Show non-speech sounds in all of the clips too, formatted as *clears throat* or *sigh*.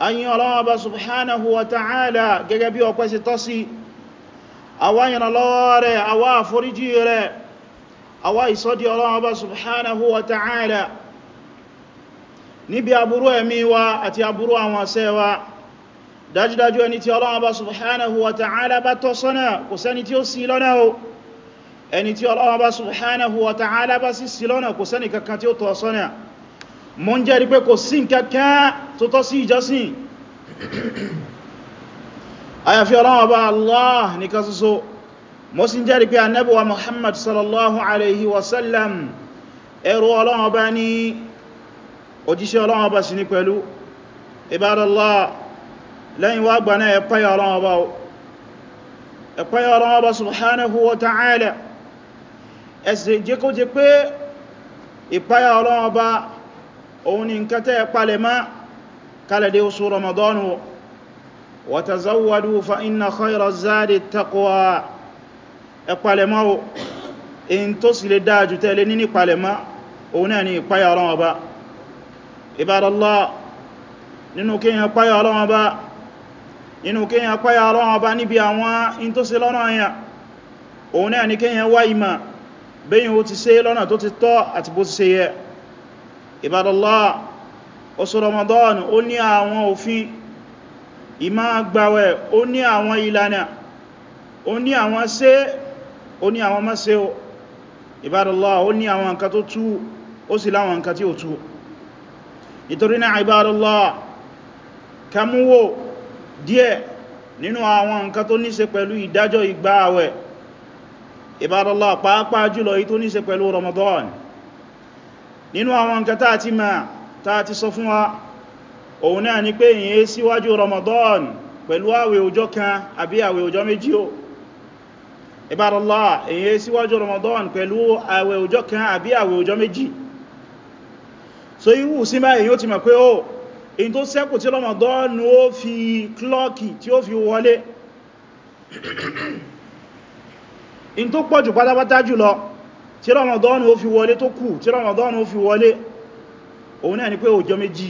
ayin ọlọ́wọ́ba subhanahu wa ta'ala gẹ́gẹ́ bí ọpẹ́ sí tọ́sí àwa ìrànlọ́wọ́ rẹ̀ àwa àforíjì rẹ̀ àwa ìsọ́dí ọlọ́wọ́ba subhanahu wa ta'ala níbi aburú ẹ̀mí wa àti aburú àwọn ṣẹ́ wa dájúdájú ẹni tí ọlọ́wọ́ba subhanahu wa ta'ala bá tọ́ sọ́nà mo ń jẹ́rí pé kò sí nǹkankan tó tọ́ sí ìjọsìn àyàfi Ọlọ́run Ọba Allah nìkan ṣoṣo mo sì ń jẹ́rí pé Ànábì wa Muhammad sallallahu alaihi wasallam ẹrú Ọlọ́run Ọba ní òjíṣẹ́ Ọlọ́run Ọba sí ní pẹ̀lú Ibadallah ìpáyà Ọlọ́run Ọba òun ni nǹkan tẹ́ palẹ̀ má kalẹ̀dẹ̀ oṣù ramadanu wa tazawwadu fa inna khayra zadi taqwa ẹ palẹ̀ má o in tó sì lè dájú tẹ́lẹ̀ níní palẹ̀ má òun náà ni ìpáyà Ọlọ́run Ọba Ibadallah nínú kíyàn páyà Ọlọ́run Ọba nínú kíyàn òun náà ni kíyàn wá ìmà bẹ́yìn ó ti ṣe lọ́nà tó ti tọ́ àti bó ti ṣe yẹ Ibadallah oṣù Ramadan ó ní àwọn òfin ìmá gbàwẹ̀ ó ní àwọn ìlànà ó ní àwọn ṣe ó ní àwọn mọ́ṣe o Ibadallah ó ní àwọn nǹkan tó tú ó sì láwọn nǹkan tí ó tú nítorí náà Ibadallah kamúwò díẹ̀ nínú àwọn nǹkan tó níṣe pẹ̀lú ìdájọ́ ìgbààwẹ̀ Ibadallah pàápàá jùlọ èyí nínú àwọn nǹkan tá ti ma tá ti sọ fún wa òun náà ni pé ìyẹn síwájú Ramadan pẹ̀lú àwẹ̀ ọjọ́ kan àbí àwẹ̀ ọjọ́ méjì o ìbárọlá èyí síwájú Ramadan pẹ̀lú àwẹ̀ ọjọ́ kan àbí àwẹ̀ ọjọ́ méjì so iwu sí báyìí yóò ti mọ̀ pé ó in tó ṣẹ́kù tí Ramadan ó fi klọ́ọ̀kì tí ó fi wọlé in tó pọ̀jù pátápátá jùlọ tí Ramadan ó fi wọlé tó kù tí Ramadan ó fi wọlé òun náà ni pé ọjọ́ méjì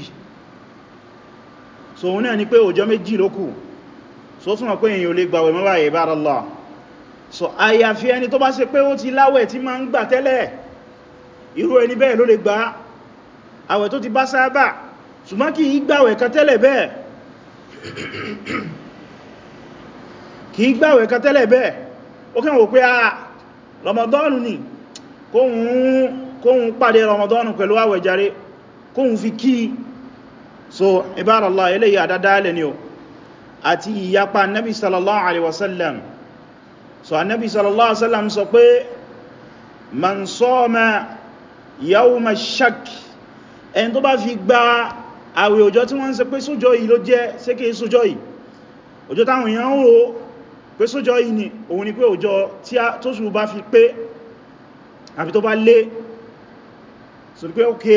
so òun náà ni pé ọjọ́ méjì ló kù so túnmọ̀ pé èyàn lè gbàwẹ̀ mọ́ báyìí báraláà so àyàfi ẹni tó bá ṣe pé ó ti láwẹ̀ tí máa ń gbà tẹ́lẹ̀ irú ẹni bẹ́ẹ̀ ló lè gbà àwẹ̀ tó ti bá sáábà ṣùgbọ́n kì í gbàwẹ̀ kan tẹ́lẹ̀ bẹ́ẹ̀ kì í gbàwẹ̀ kan tẹ́lẹ̀ bẹ́ẹ̀ ó kàn wò pé a ah, Ramadan ni kóhun pàdé Ramadan pẹ̀lú àwẹ̀ jàre kóhun fi kí so Allah ibárallah eléyìí àdádálẹ̀ ni o àti ìyapa annabi sallallahu alaihi wasallam so annabi sallallahu alaihi wasallam sọ pé man soma yawma shak ẹni tó bá fi gba àwẹ̀ ọjọ́ tí wọ́n ń ṣe pé sójọ́ yìí ló jẹ́ ṣé kìí sójọ́ yìí ọjọ́ táwọn èèyàn ń ro pé sójọ́ yìí ni òun ni pé ọjọ́ tí a tó sù fi pé àbí tó bá lé so pé ókè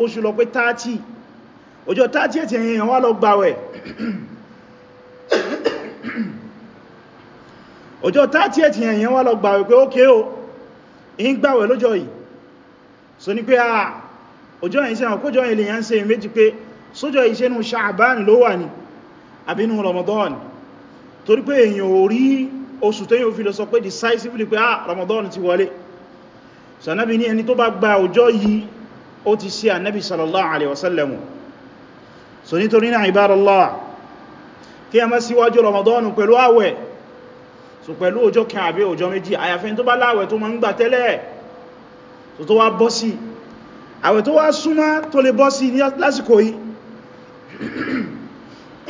oṣù lọ pé 30 ọjọ́ 30 ẹ̀tì èyàn wá lọ gbàwẹ̀ *coughs* ọjọ́ 30 ẹ̀tì èyàn wá lọ gbàwẹ̀ pé ókè o in gbàwẹ̀ lọ́jọ́ yìí so ní pé àà ah, ọjọ́ yìí sẹ́wọ̀n kójọ́ yìí lè méjì pé sójọ́ yìí ṣe nú ló wà ní àbínú Ramadan torí pé èyàn ò rí oṣù tẹ́yìn òfin lọ sọ pé decisively pé ah Ramadan ti wọlé so anábi ní ẹni tó bá gba ọjọ́ yìí ó ti ṣe anábi sallallahu alaihi wasallam so nítorí náà ibadallah kí a má síwájú ramadan pẹ̀lú àwẹ̀ so pẹ̀lú ọjọ́ kan àbí ọjọ́ méjì àyàfẹ́ tó bá láwẹ̀ tó ma ń gbà tẹ́lẹ̀ so tó wá bọ́ sí àwẹ̀ tó wá súnmọ́ tó lè bọ́ sí lásìkò yìí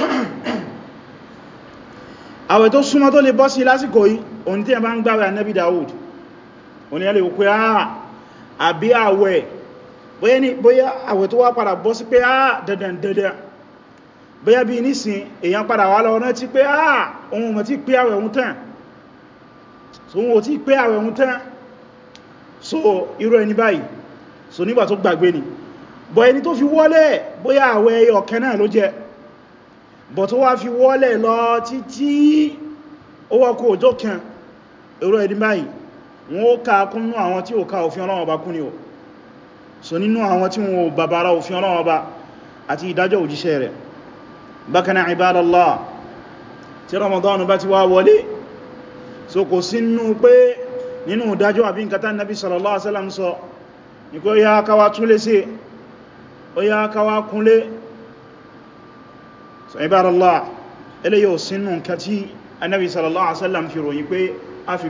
*coughs* àwẹ̀ tó súnmọ́ tó lè bọ́ sí lásìkò yìí òun tí a bá ń oníyàlẹ̀ òkú àà àbí àwẹ̀ bóyá ní bóyá àwẹ̀ tó wá padà bọ́ sí pé àà dandan dandan bóyá bí nísìn èyàn padà wá lọ rántí pé àà ohun mọ̀ tí pé àwẹ̀ ohun tán so ohun tí pé àwẹ̀ ohun tán so irú ẹni báyìí so nígbà tó gbàgbé ni bọ́ ẹni tó fi wọlé bóyá àwẹ̀ ọ̀kẹ́ náà ló jẹ bọ̀ ẹni báyìí wọ́n ó ká kún nínú àwọn tí ó ká òfin Ọlọ́run Ọba kún ni ó so nínú àwọn tí wọ́n bàbára òfin Ọlọ́run Ọba àti ìdájọ́ òjíṣẹ́ rẹ̀ bákan náà ibadallah tí Ramadan bá ti wá wọlé so kò sínú pé nínú ìdájọ́ àbí nǹkan tán Nabi sallallahu alaihi wasallam sọ ní kó yá káwà túnlé sí ó yá káwà kúnlé so ibadallah eléyìí ò sínú nǹkan a fi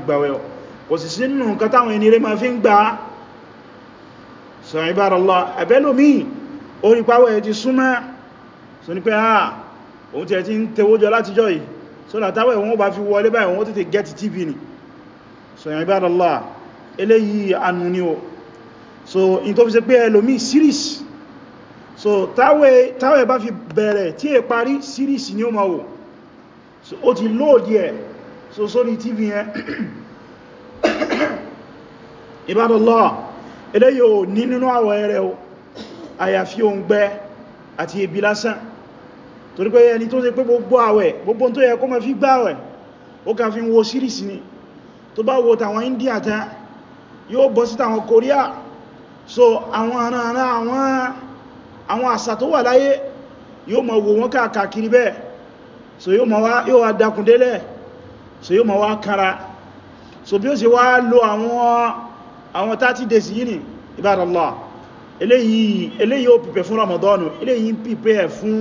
kò sì sínú nǹkan táwọn ẹni rẹ̀ ma fi ń gbà sọ ìbáraláà ẹ̀bẹ́lómí orí pàwọ̀ ẹ̀ ti súnmọ́ so ní pé àà ah, òun ti ẹ̀ ti ń tewójọ látijọ́ yìí so látàwọ̀ ẹ̀wọ̀n bá fi wọlé báyìí wọ́n tètè get tv ni so ìbáraláà eléyìí anú ni o so in tó fi ṣe pé ẹlòmí series so táwẹ̀ bá fi bẹ̀rẹ̀ tí è parí series ni so ó tv yẹn *coughs* Ibadallah eléyìí ò ní nínú àwọ̀ ẹrẹ o o òun gbẹ àti ebi lásán torí pé ẹni tó ṣe pé gbogbo àwẹ̀ gbogbo tó yẹ kó má fi gbá àwẹ̀ ó kàn fi ń wo series ni tó bá wo tàwọn India tán yóò bọ́ sí tàwọn Korea so àwọn aran àwọn àṣà tó wà láyé yóò máa wò wọ́n káàkiri bẹ́ẹ̀ so yóò máa wá dákùndélẹ̀ so yóò máa wá kára so bí ó ṣe wá lo àwọn àwọn 30 days yìí ni ibadallah eléyìí eléyìí ó pìpẹ̀ fún ramadanu eléyìí ń pìpẹ̀ fún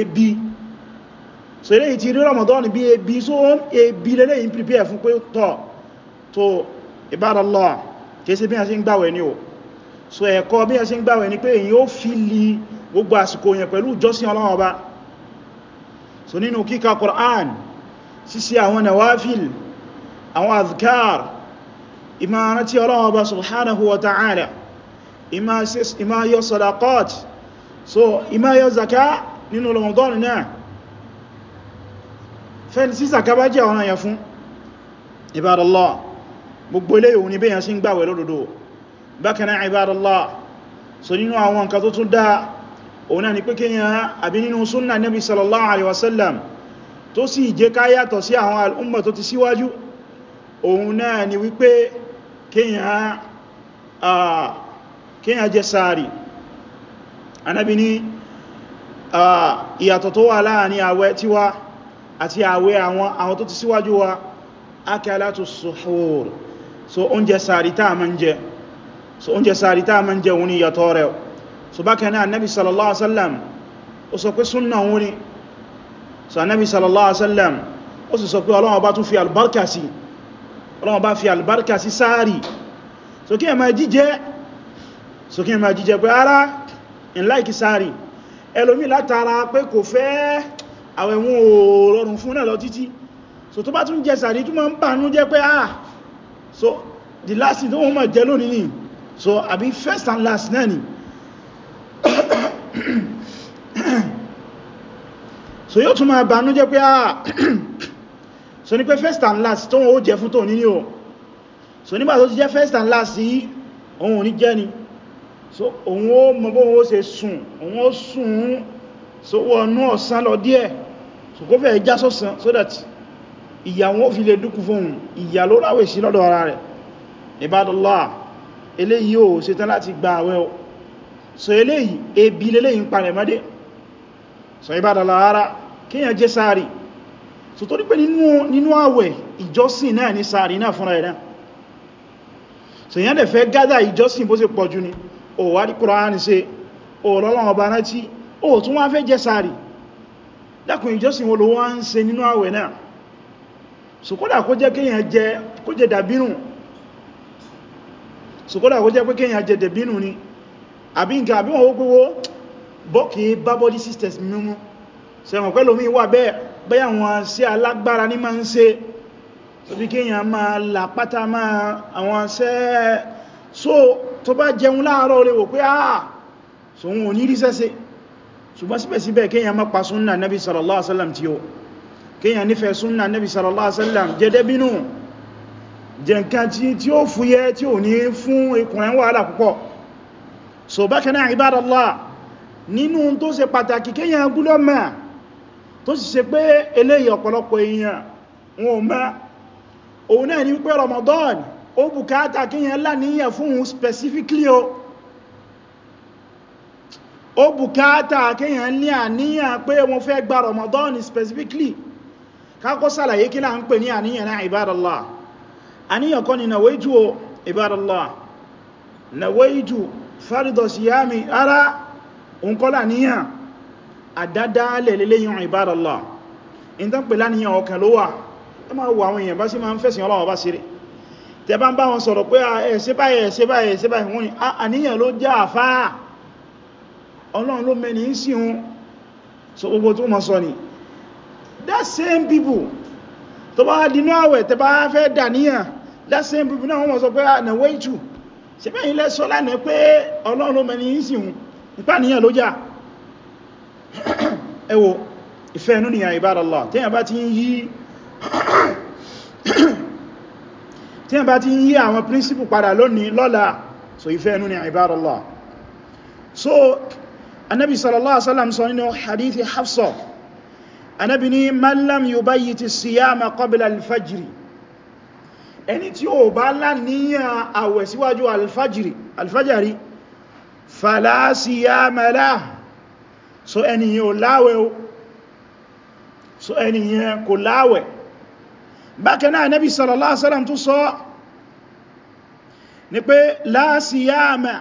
ebi so eléyìí ti rí ramadanu bí ebi so ó ebi lẹ́lẹ́yìí ń pìpẹ̀ fún pé tọ́ so ibadallah kèsí bí a ṣe ń gbàwẹ̀ ni o so ẹ̀kọ́ bí a ṣe ń gbàwẹ̀ ni pé èyí ó fi li gbogbo àsìkò yẹn pẹ̀lú ìjọsìn Ọlọ́run Ọba so nínú kíka Qur'an ṣíṣe àwọn nawafil àwọn azkar ìmá rántí Ọlọ́run Ọba subhanahu wa ta'ala ìmá yọ sadaqat so ìmá yọ zaka nínú Ramadan náà fẹ́ni sí zaka bá jẹ́ ọ̀nà yẹ fún ibadallah gbogbo ilé ìhun ni bí yẹn sí ń gbàwẹ̀ lódodo bákanáà ibadallah so nínú àwọn nǹkan tó tún dáa òun ni pé kí àbí nínú súnnà nabi sallallahu alaihi wasallam tó sì jẹ́ ká yàtọ̀ sí àwọn al'umma tó ti síwájú òun náà ni wípé kíyàn jẹ sáàrì anábi ní ìyàtọ̀ tó wà láàrin àwẹ̀ tiwa àti àwẹ̀ àwọn tó ti síwájú wa akalatu suhur so oúnjẹ sáàrì tá ma ń jẹ so oúnjẹ sáàrì tá ma ń jẹ òun ìyàtọ̀ rẹ̀ so bákan náà anábi sallallahu alaihi wasallam ó sọ so anábi sallallahu alaihi wasallam ó sì fi albarka ọlọ́wọ́n bá fi albarka sí sáàrì sókè ẹ̀mà jíjẹ sókè ẹ̀mà jíjẹ pé ara in láìkí sáàrì ẹlòmí látara pé kò fẹ́ àwẹ̀wọ̀n òòrùn fún náà lọ títí so tó bá tún jẹ sàrí tó máa ń bànú jẹ́ pé ah so the last thing tó wọ́n máa jẹ lónìí ni so àbí first and last náà ni *coughs* so yóò tún máa bànú jẹ́ pé ah so ní pé first and last tó wọ́n ó jẹ fún tó ní ní o so nígbà tó ti jẹ́ first and last yìí òun ò ní ni so òun ó mọ bó ó ṣe sùn òun ó sùn so wọ́n nú ọ̀sán lọ díẹ̀ so kó fẹ́ já sọ́sán so that iya wọn ó fi lè dúkù fún òun ìyà ló ráwẹ̀ sí lọ́dọ̀ ara rẹ̀ Ibadallah eléyìí ò ṣetán láti gba àwẹ̀ o so eléyìí ebi leléyìí ń parẹ̀ mọ́dé so Ibadallah ara kíyàn jẹ́ sáàrì so tó dípé nínú àwẹ̀ ìjọsìn náà ní sàárì náà fúnra ẹ̀dá so yẹn dẹ̀ fẹ́ gádà ìjọsìn bó ṣe pọ̀ jù ní ó wá rí Kùránì ṣe ọlọ́lọ́wọ́ ọba náà tí ó tún wá fẹ́ jẹ sàárì dákùn ìjọsìn wo ló wá ń ṣe nínú àwẹ̀ náà so kódà kó jẹ́ pé kéèyàn jẹ dàbínù ni àbí nǹkan àbí wọn ó gbówó bọ́kì bá body systems mímú sẹ́wọ̀n pẹ́lú mi wà bẹ́ẹ̀ bẹ́yà wọn sí alágbára ní máa ń ṣe tó bí kíyàn máa làpátá máa àwọn ṣẹ́ so tó bá jẹun láàárọ̀ rẹ̀ wò pé àà ah, so wọn ò ní rí sẹ́sẹ́ ṣùgbọ́n síbẹ̀síbẹ̀ kíyàn má pa súnnà nabi sallallahu alaihi wasallam tí ó kíyàn nífẹ̀ẹ́ súnnà nabi sallallahu alaihi wasallam jẹ́dẹ́ bínú jẹ nǹkan tí ó fúyẹ́ tí ò ní fún ikùnrin wàhálà púpọ̀ so bákanáà ibadallah nínú tó ṣe pàtàkì kíyàn gúlọ́mà tó sì ṣe pé eléyìí ọ̀pọ̀lọpọ̀ èèyàn wọn ò mọ̀ òun náà ni wípé Ramadan ó bùkátà kíyàn láníyàn fún un specifically o ó bùkátà kíyàn ní àníyàn pé wọ́n fẹ́ gba Ramadan specifically kákó sàlàyé kí là ń pè ní àníyàn náà ibadallah àníyàn kọ́ ni nawaitu o ibadallah nawaitu fardhu ara òun kọ́ láníyàn àdádálẹ̀ lélẹ́yìn ìbádàlá in tán pè láníyàn ọkàn ló wà ẹ máa wo àwọn èèyàn bá sí máa ń fẹ̀sìn Ọlọ́run bá ṣeré tẹ bá ń bá wọn sọ̀rọ̀ pé ẹ ṣe báyìí ẹ ṣe báyìí ẹ ṣe báyìí wọ́n ni àníyàn ló já àfáà Ọlọ́run ló mẹ́ni ń sí hun so gbogbo tó mọ̀ sọ ni that same people tó bá dínú àwẹ̀ tẹ ẹwọ ìfẹ́ inú nìyà ìbádàlá tíyàn bá ti ń yí *coughs* tíyàn bá ti ń yí àwọn príncipù padà lónìí lọ́la so ìfẹ́ inú nìyà ìbádàlá so annabi sallallahu alaihi wasallam sọ nínú hadithi hafsa annabi ni mallam yubayyiti siyama qabla alfajiri ẹni tí ó bá láníyàn àwẹ̀ síwájú alfajiri alfajari fala so ẹniyàn ò láwẹ̀ o so ẹniyàn kò láwẹ̀ bákan náà Nabi sallallahu alaihi wasallam tún sọ ní pé la siyama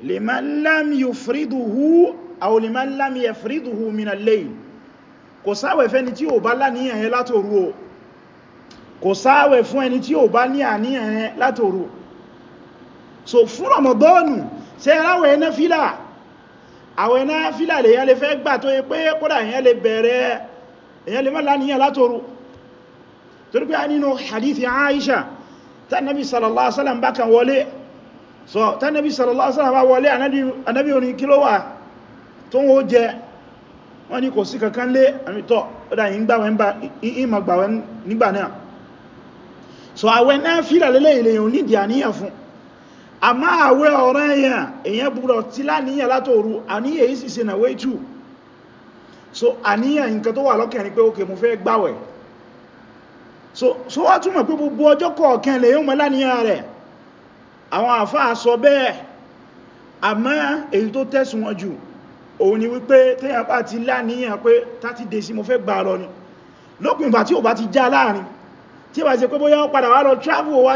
liman lam yufriduhu aw liman lam yafriduhu min al-layl kò sáwẹ̀ fẹ́ni tí ò bá láníyàn yẹn látòru o kò sáwẹ̀ fún ẹni tí ò bá ní àníyàn yẹn látòru so fún Ramadanu ṣe ráwẹ̀ náfílà àwọn iná fílà lè yẹn lè fẹ́ gbà tó yẹ pé kódà èyàn lè bẹ̀rẹ̀ èyàn lè mọ́lá níyàn látòrú torí pé a nínú hadithi Aisha tánàbí sallallahu alaihi wasallam bá kan wọlé so tánàbí sallallahu alaihi wasallam bá wọlé anábí orin kí ló wà tó ń ó jẹ wọ́n ní kò sí kankan lé àmìtọ́ ọdá so àwẹ̀ náà fílà lélẹ̀ ilẹ̀ yìí àníyàn fún àmá àwẹ́ ọ̀rẹ́ èèyàn èèyàn búrọ̀ tí láníyàn látòrú àníyàn yìí sì ṣe nà wéjù so àníyàn nǹkan tó wà lọ́kàn ni pé ókè mo fẹ́ gbàwẹ̀ so wọ́n túnmọ̀ pé gbogbo ọjọ́ kọ̀ọ̀kan lè yóò mọ́ láníyàn rẹ̀ àwọn àfáà sọ bẹ́ẹ̀ àmá ni wípé téèyàn bá ti láníyàn pé 30 days mo fẹ́ gbà lọ ni lópin ìgbà travel wá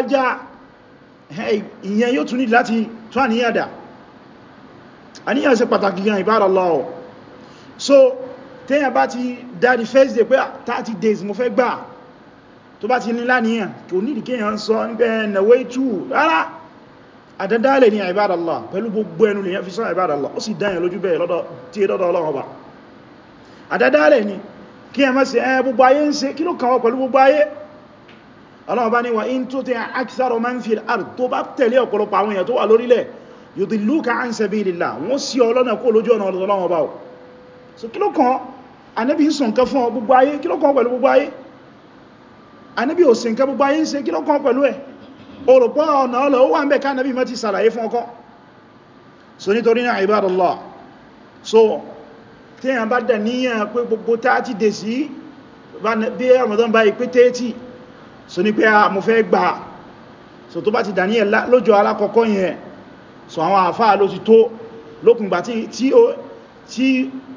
ìyẹn yóò tún ní láti tún àníyàn dà àníyàn ṣe pàtàkì gan ìbáraláà ọ̀ so tẹ́yàn bá ti dáadì first day pé 30 ah, days mo fẹ́ gbà tó bá ti ní láníyàn kò ní ìdíkẹ́yàn sọ níbẹ̀ nàwẹ́ ìtù rárá àdádálẹ̀ ní àìbáraláà pẹ̀lú gbogbo ẹnu lèyàn fi sọ àìbáraláà ó sì dáyàn lójú bẹ́ẹ̀ lọ́dọ̀ tí é lọ́dọ̀ ọlọ́run ọba àdádálẹ̀ ni kí ẹ má ṣe ẹ gbogbo ayé ń ṣe kí ló kàn wọ́n pẹ̀lú gbogbo ayé ọlọ́wọ́ bá ní wà in tó tẹ́ akthara man fil ard tó bá tẹ̀lé ọ̀pọ̀lọpọ̀ àwọn èèyàn tó wà lórílẹ̀ yudilluka an sabilillah wọ́n sí ọlọ́nà kó lójú ọ̀nà ọlọ́wọ́ bá o so kí ló kàn Ànábì ń sùn kan fún ọ gbogbo ayé kí ló kàn pẹ̀lú gbogbo ayé Ànábì ò sìn kan gbogbo ayé ń ṣe kí ló kàn pẹ̀lú ẹ̀ olùpọ̀ ọ̀nà ọlọ́ ó wà ń bẹ̀ ká Ànábì ibadallah so tí èèyàn bá dẹ̀ níyàn pé gbogbo 30 dè sí bí Ramadan bá ìpé 30 so ní pé a ah, mo fẹ́ gbà so tó bá ti daniel lọ́jọ́ alákọ̀ọ́kọ́ yẹn so àwọn àfáà ló ti tó lókùngbà tí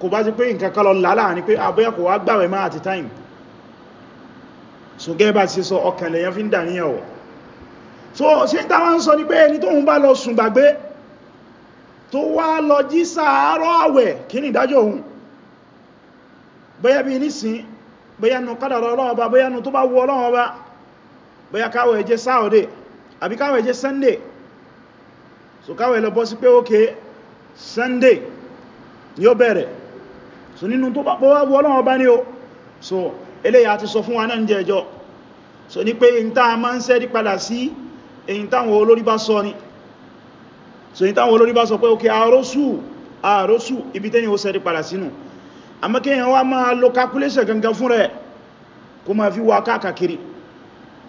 kò bá ti pé nǹkan kan lọ lálàá ní pé abúyà ah, kò wá gbàwẹ̀ máa àti time so gẹ́ bá ti sọ ọkàn lèyàn fi ń daniel wọ̀ so ṣe táwọn ń sọ ní pé ẹni tó ń bá lọ sùn gbàgbé tó wá lọ jí sàárọ̀ àwẹ̀ kí ni ìdájọ́ bí nísìn bóyá nù kádàrà Ọlọ́run Ọba nù tó bá wù Ọlọ́run bóyá káwẹ̀ jẹ́ Saturday àbí káwẹ̀ jẹ́ Sunday so káwẹ̀ lọ bọ́ sí pé ókè Sunday ni ó bẹ̀rẹ̀ so nínú tó bá wọ́ Ọlọ́run bá ní o so eléyà ti sọ fún wa náà jẹjọ so ní pé in tá a máa ń sẹ́rí padà sí èyí táwọn olórí bá sọ ni so èyí táwọn olórí bá sọ pé ókè àrósù àrósù ibi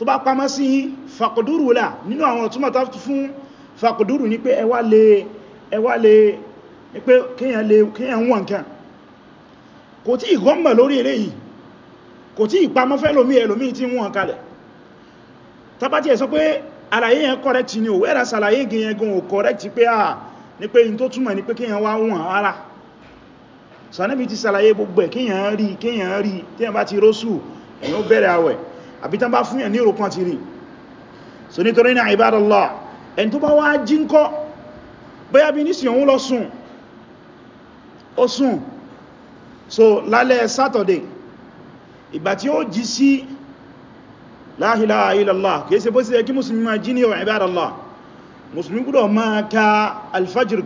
tó bá pamọ́ sí fàkọ̀dúrù là nínú àwọn ọ̀túnmọ̀ tó fún fàkọ̀dúrù ní pé ẹwà lè ẹwà lè pé kíyàn wọ́n nǹkan kò tí ìgọ́mọ̀ lórí eléyìí kò tí ìpamọ́ fẹ́ lómi ẹlòmí tí wọ́n kalẹ̀ tàbátí ẹ̀ sọ pé àlàyé yẹn correct ni ò wẹ́ra sàlàyé gẹ̀yẹn gan ò correct pé à ní pé in tó túnmọ̀ ní pé kíyàn wá wọ́n ara sànẹ́bí ti sàlàyé gbogbo ẹ̀ kíyàn rí kíyàn rí tí ẹ̀ bá ti rósù ẹ̀yàn bẹ̀rẹ̀ àwẹ̀ àbí tán bá fún yàn ní òrùpán ti rí so nítorí náà ibadallah ẹni tó bá wá jí ń bí ní sí òun lọ sùn ó sùn so lálẹ́ Saturday ìgbà tí ó jí sí la ilaha illallah kìí ṣe bó sí ẹkí musulmi máa jí ní ọ̀rọ̀ ibadallah musulmi gbọ́dọ̀ máa ka alfajir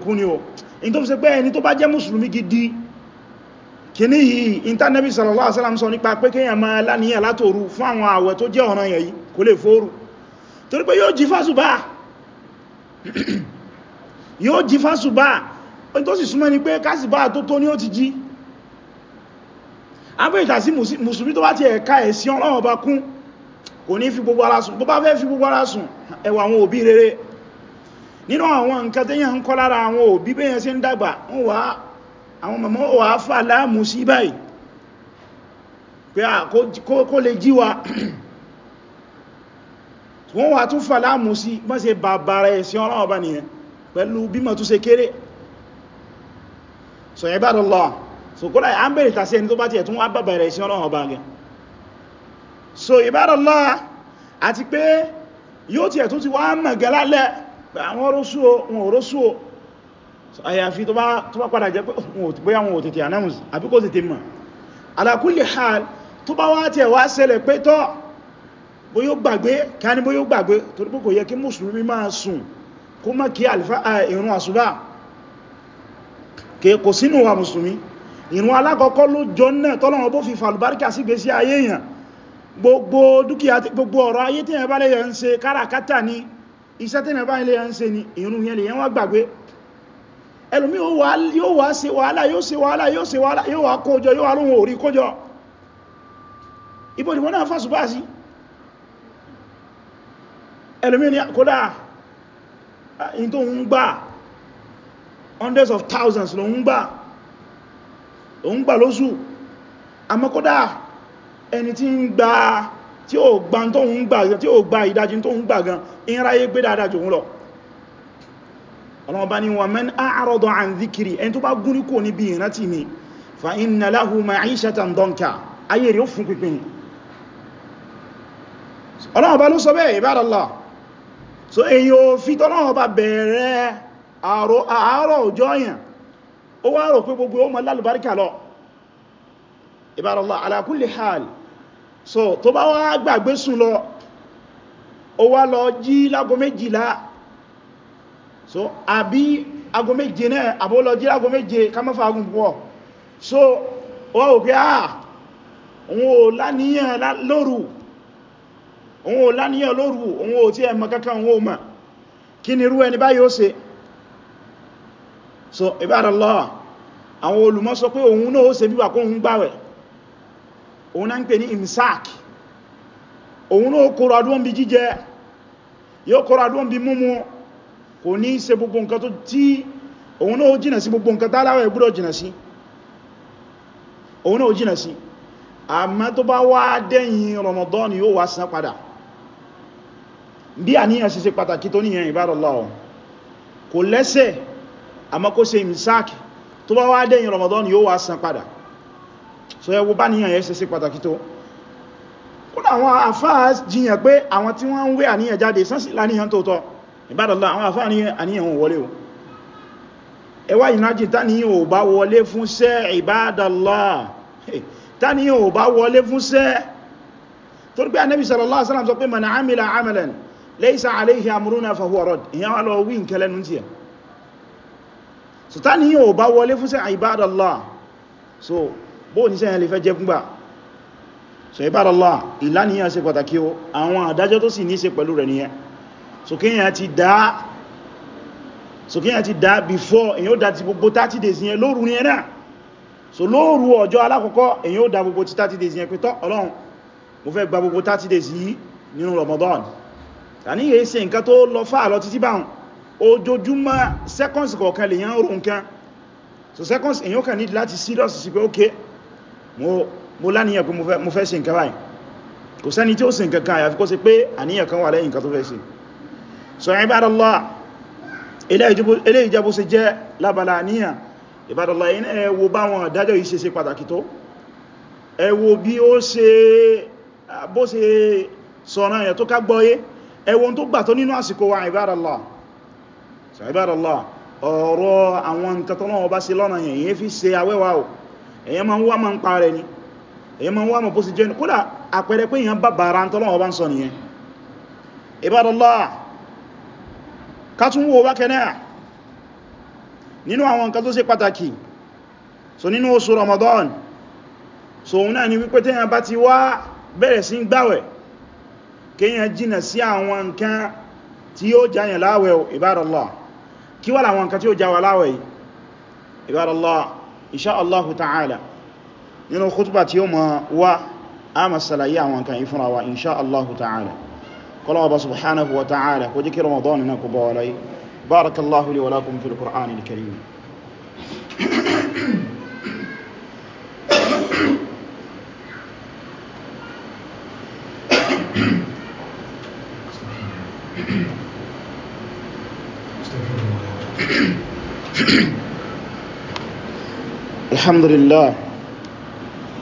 kìní yìí intanẹ́bì sallallahu alaihi wasallam sọ nípa pé kíyàn máa láníyàn látòrú fún àwọn àwẹ̀ tó jẹ́ ọ̀ranyàn yìí kò lè fóòrù torí pé yóò jí fásùbá *clears throat* yóò jí fásùbá tó sì súnmọ́ ni pé kásìbá tó tó ní ó ti jí abẹ́ ìtàsí mùsùlùmí tó bá ti ẹ̀ka ẹ̀sìn Ọlọ́run bá kún kò ní fi gbogbo ara sùn bó bá fẹ́ fi gbogbo ara sùn ẹwà àwọn òbí rere nínú àwọn nǹkan tẹ́yàn ń kọ́ lára àwọn mọ̀mọ́ ò wá fà láàmù sí báyìí pé à kó lè jíwa *clears throat* wọ́n wà tún fà láàmù sí bọ́n ṣe bàbàrà ẹ̀sìn ọlọ́wọ́ bá nìyẹn pẹ̀lú bímọ̀ tún ṣe kéré so yẹ bára lọ so kó láì á ń bèèrè tàṣí ẹni tó bá ti ẹ̀tún wá bàbàrà ẹ̀sìn ọlọ́wọ́ bá gẹ so ìbára lọ àti pé àyàfi tó bá padà jẹ́ bóyá wọn ò tètè announce àbí kò tètè mọ̀ ala kulli hal tó bá wá tí ẹ̀ wá ṣẹlẹ̀ pé tọ́ bóyó gbàgbé ká ní bóyó gbàgbé torí pé kò yẹ kí mùsùlùmí máa sùn kó má kí ìrun àsùbá kò sínú wa mùsùlùmí ìrun alákọ̀ọ́kọ́ ló jọ náà tọ́lọ́wọ́ bó fi fàlùbáríkà sí gbé sí ayé èèyàn gbogbo dúkìá gbogbo ọ̀rọ̀ ń ṣe káràkátà ẹlòmí yóò wá ṣe wàhálà yóò ṣe wàhálà yóò ṣe wàhálà yóò wá kójọ yóò wá lóhun orí kójọ ibòdìwọ́n náà fásùbá sí ẹlòmí ni kódà ah, in tó ń gbà hundreds of thousands ló ń gbà ló ń gbà lóṣù àmọ́ kódà ẹni tí ń gbà tí ó gbà tó ń gbà tí ó gbà ìdajì tó ń gbà gan ìráyé gbé dáadáa jòun lọ ọlọ́wọ́ bá ní wa man a'rada an dhikri ẹni tó bá gúnrí kò ní bí ìrántí mi fa inna lahu ma'ishatan danka ayé rí ó fún pínpín ọlọ́wọ́ bá ló sọ bẹ́ẹ̀ ibadallah so èyí ò fi tọ́lọ́wọ́ bá bẹ̀rẹ̀ so abi ago méje náà àbólọ́jí ago méje ká má fagún púpọ̀ so wọ́n ò pé àà ah, òun ò láníyàn lóru òun ò láníyàn lóru òun ò tí ẹ mọ̀ kankan òun ò mọ̀ kí ni irú ẹni báyìí ó ṣe so ibadallah àwọn olùmọ̀ sọ pé òun náà ó ṣe bí wà kó òun gbàwẹ̀ òun náà ń pè ní imsak òun náà kóra dúnbí jíjẹ yóò kóra dúnbí múmú kò ní ṣe gbogbo nǹkan tó tí òun náà ó jìnà sí gbogbo nǹkan tàláwẹ̀ gbọ́dọ̀ jìnà sí òun náà ó jìnà sí àmọ́ tó bá wá dẹ́yìn Ramadan yóò wá san padà bí àníyàn ṣe ṣe pàtàkì tó níyàn ibadallah kò lẹ́sẹ̀ àmọ́ kó ṣe ìmìsáàkì tó bá wá dẹ́yìn Ramadan yóò wá san padà so ẹwọ bá níyàn yẹ ṣe ṣe pàtàkì tó kó láwọn àfáà jiyàn pé àwọn tí wọ́n ń wé àníyàn jáde sánsì láníyàn tóótọ́ ìbádọ̀lá àwọn àfáà ní àníyàn wọlé o ẹwà ìnájì tàníyàn ò bá wọlé fún sẹ́ ìbádọ̀lá tàníyàn ò bá wọlé fún sẹ́ torí pé anẹ́bí sallallahu alaihi wasallam sọ pé man amila amalan laysa so tàníyàn ò bá wọlé so bóò ní sẹ́yìn lè fẹ́ so ìbádọ̀lá ìlànìyàn ṣe pàtàkì o àwọn àdájọ́ tó sì ní ṣe pẹ̀lú rẹ̀ nìyẹn So ti dá sókèyàn ti dá before èyàn ó dá ti gbogbo 30 days yẹn lóru ní ẹ̀nà so lóru ọjọ́ alákọ̀ọ́kọ́ èyàn ó dá gbogbo ti 30 days yẹn pé tọ́ ọlọ́run mo fẹ́ gba gbogbo 30 days yìí nínú Ramadan tàní yìí ṣe nǹkan tó lọ fà lọ títí báhùn ojoojúmọ́ seconds kọ̀ọ̀kan lè yán rò nǹkan so seconds èyàn kàn ní láti serious sí pé ok mo, mo láníyàn pé mo fẹ́ ṣe nǹkan báyìí kò sẹ́ni tí ó ṣe nǹkan kan àyàfi kó ṣe pé àníyàn kan wà lẹ́yìn nǹkan tó fẹ́ ṣe so ibadallah ilé ìjẹbù sí jẹ́ lábàlá níyàn ibadallah iná ẹwọ bá wọn dájọ́ yìí ṣe ṣe pàtàkì tó ẹwọ bí ó ṣe bó ṣe sọ̀nà ẹ̀ tó ká gbọ́yé ẹwọ tó gbà tó nínú àsìkò wa ibadallah so ibadallah ọ̀rọ̀ àwọn nǹkan tó náà bá ṣe lọ́nà yẹn yẹn fi ṣe awẹ́wà ò èyàn ma ń wá ma ń parẹ ni èyàn ma ń wá ma bó ṣe jẹ́ kódà àpẹẹrẹ pé èyàn bá bàrá ń tọ́lọ́wọ́ bá ń sọ nìyẹn ibadallah kátún wo wákẹ náà nínú àwọn nǹkan tó ṣe so nínú oṣù Ramadan so òun náà ni wípé tẹ́yàn bá ti wá bẹ̀rẹ̀ sí gbáwẹ̀ kíyàn jìnà sí àwọn nǹkan tí ó jáyàn láwẹ̀ ibadallah kí wà láwọn nǹkan tí ó jáwà láwẹ̀ ibadallah insha Allah ta'ala nínú khutba tí ó ma wá a masalaye àwọn nǹkan ìfúnra insha Allah ta'ala قال الله سبحانه وتعالى وجيك رمضان هناك بولاي بارك الله لي ولكم في القرآن الكريم الحمد لله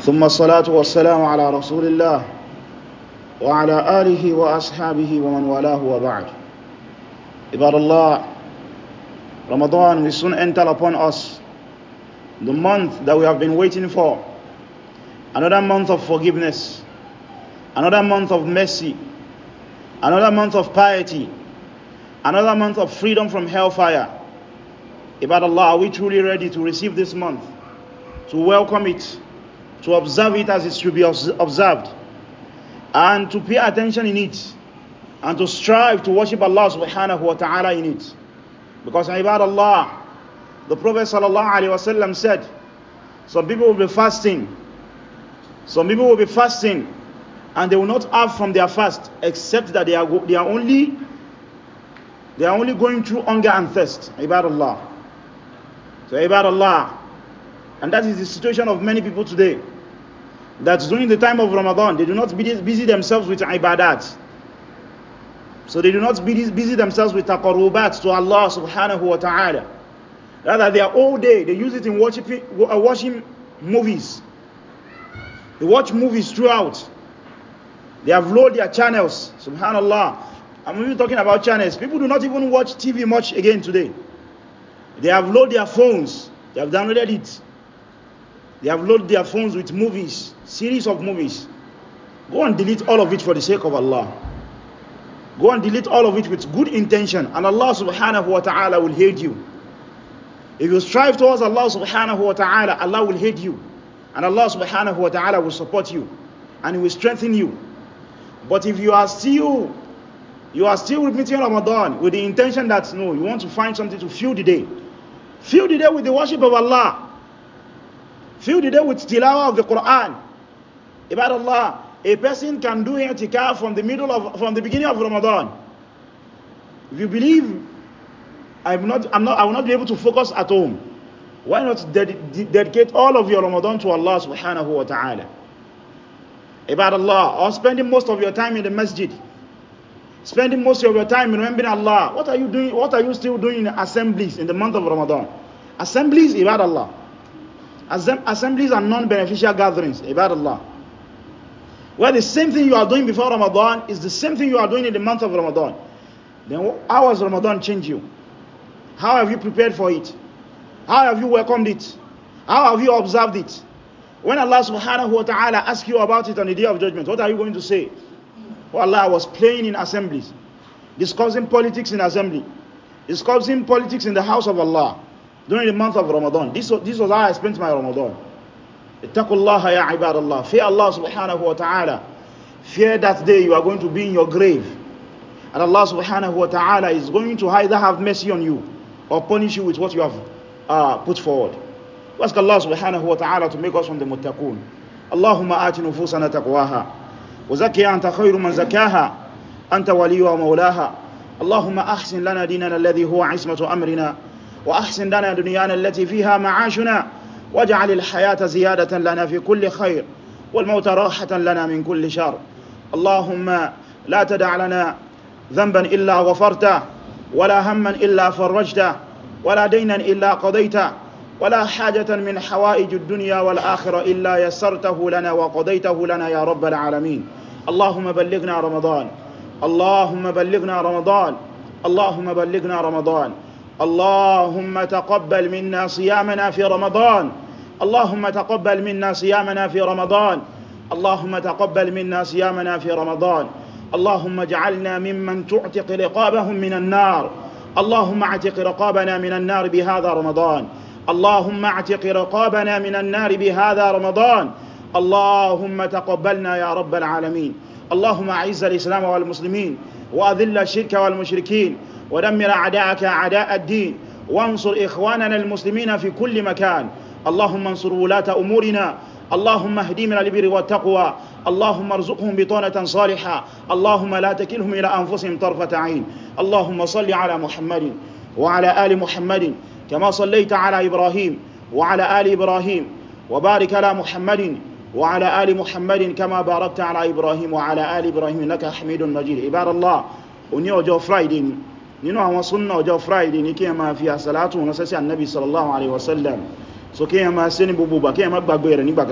ثم الصلاة والسلام على رسول الله وعلى آله وأصحابه ومن والاه وبعد عباد Allah Ramadan will soon enter upon us the month that we have been waiting for another month of forgiveness another month of mercy another month of piety another month of freedom from hellfire Ibad Allah, are we truly ready to receive this month to welcome it to observe it as it should be observed and to pay attention in it and to strive to worship Allah subhanahu wa ta'ala in it because ibad Allah the Prophet sallallahu alaihi wasallam said some people will be fasting some people will be fasting and they will not have from their fast except that they are, they are only they are only going through hunger and thirst ibad Allah so ibad Allah and that is the situation of many people today that during the time of Ramadan, they do not busy themselves with ibadat. So they do not busy themselves with taqarubat to Allah subhanahu wa ta'ala. Rather, they are all day, they use it in watching, uh, watching movies. They watch movies throughout. They have loaded their channels, subhanallah. I'm even talking about channels. People do not even watch TV much again today. They have loaded their phones, they have downloaded it. They have loaded their phones with movies, series of movies. Go and delete all of it for the sake of Allah. Go and delete all of it with good intention, and Allah subhanahu wa ta'ala will hate you. If you strive towards Allah subhanahu wa ta'ala, Allah will hate you. And Allah subhanahu wa ta'ala will support you and He will strengthen you. But if you are still you are still repeating Ramadan with the intention that no, you want to find something to fill the day. Fill the day with the worship of Allah. filled the day with tilawa of the Quran Allah, a person can do i'tikaf from the middle of from the beginning of Ramadan if you believe I'm not, I'm not, I will not be able to focus at home why not dedicate all of your Ramadan to Allah subhanahu wa ta'ala about Allah or spending most of your time in the masjid spending most of your time remembering Allah what are you doing what are you still doing in assemblies in the month of Ramadan assemblies about Allah assemblies and non-beneficial gatherings Allah, where the same thing you are doing before Ramadan is the same thing you are doing in the month of Ramadan then how has Ramadan changed you how have you prepared for it how have you welcomed it how have you observed it when Allah subhanahu wa ta'ala asks you about it on the day of judgment what are you going to say Well, Allah was playing in assemblies discussing politics in assembly discussing politics in the house of Allah during the month of Ramadan. This, this was how I spent my Ramadan. Ittaqullaha ya ibadallah. Fear Allah subhanahu wa ta'ala. Fear that day you are going to be in your grave. And Allah subhanahu wa ta'ala is going to either have mercy on you or punish you with what you have uh, put forward. ask Allah subhanahu wa ta'ala to make us from the muttaqoon. اللهم آت نفوسنا تقواها وزكي أنت خير من زكاها أنت ولي ومولاها اللهم أحسن لنا ديننا الذي هو عصمة أمرنا وأحسن لنا دنيانا التي فيها معاشنا واجعل الحياة زيادة لنا في كل خير والموت راحة لنا من كل شر اللهم لا تدع لنا ذنبا إلا غفرته ولا هما إلا فرجته ولا دينا إلا قضيته ولا حاجة من حوائج الدنيا والآخرة إلا يسرته لنا وقضيته لنا يا رب العالمين اللهم بلغنا رمضان اللهم بلغنا رمضان اللهم بلغنا رمضان اللهم تقبل منا صيامنا في رمضان اللهم تقبل منا صيامنا في رمضان اللهم تقبل منا صيامنا في رمضان اللهم اجعلنا ممن تعتق رقابهم من النار اللهم اعتق رقابنا من النار بهذا رمضان اللهم اعتق رقابنا من النار بهذا رمضان اللهم تقبلنا يا رب العالمين اللهم اعز الاسلام والمسلمين واذل الشرك والمشركين ودمر أعداءك أعداء الدين وانصر إخواننا المسلمين في كل مكان اللهم انصر ولاة أمورنا اللهم اهدينا البر والتقوى اللهم ارزقهم بطانة صالحة اللهم لا تكلهم إلى أنفسهم طرفة عين اللهم صل على محمد وعلى آل محمد كما صليت على إبراهيم وعلى آل إبراهيم وبارك على محمد وعلى آل محمد كما باركت على إبراهيم وعلى آل إبراهيم إنك حميد مجيد عباد الله ونيو جو فرايدين nínú àwọn súnnà ọjọ́ friday ní kí ẹ máa fi àsàlátù ránṣẹ́ sí annabi sallallahu alaihi wasallam so kí ẹ máa sí ní gbogbo bà kí ẹ má gbàgbé rẹ̀ nígbà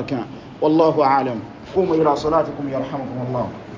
wallahu alam qumu ila salatikum yarhamukumullah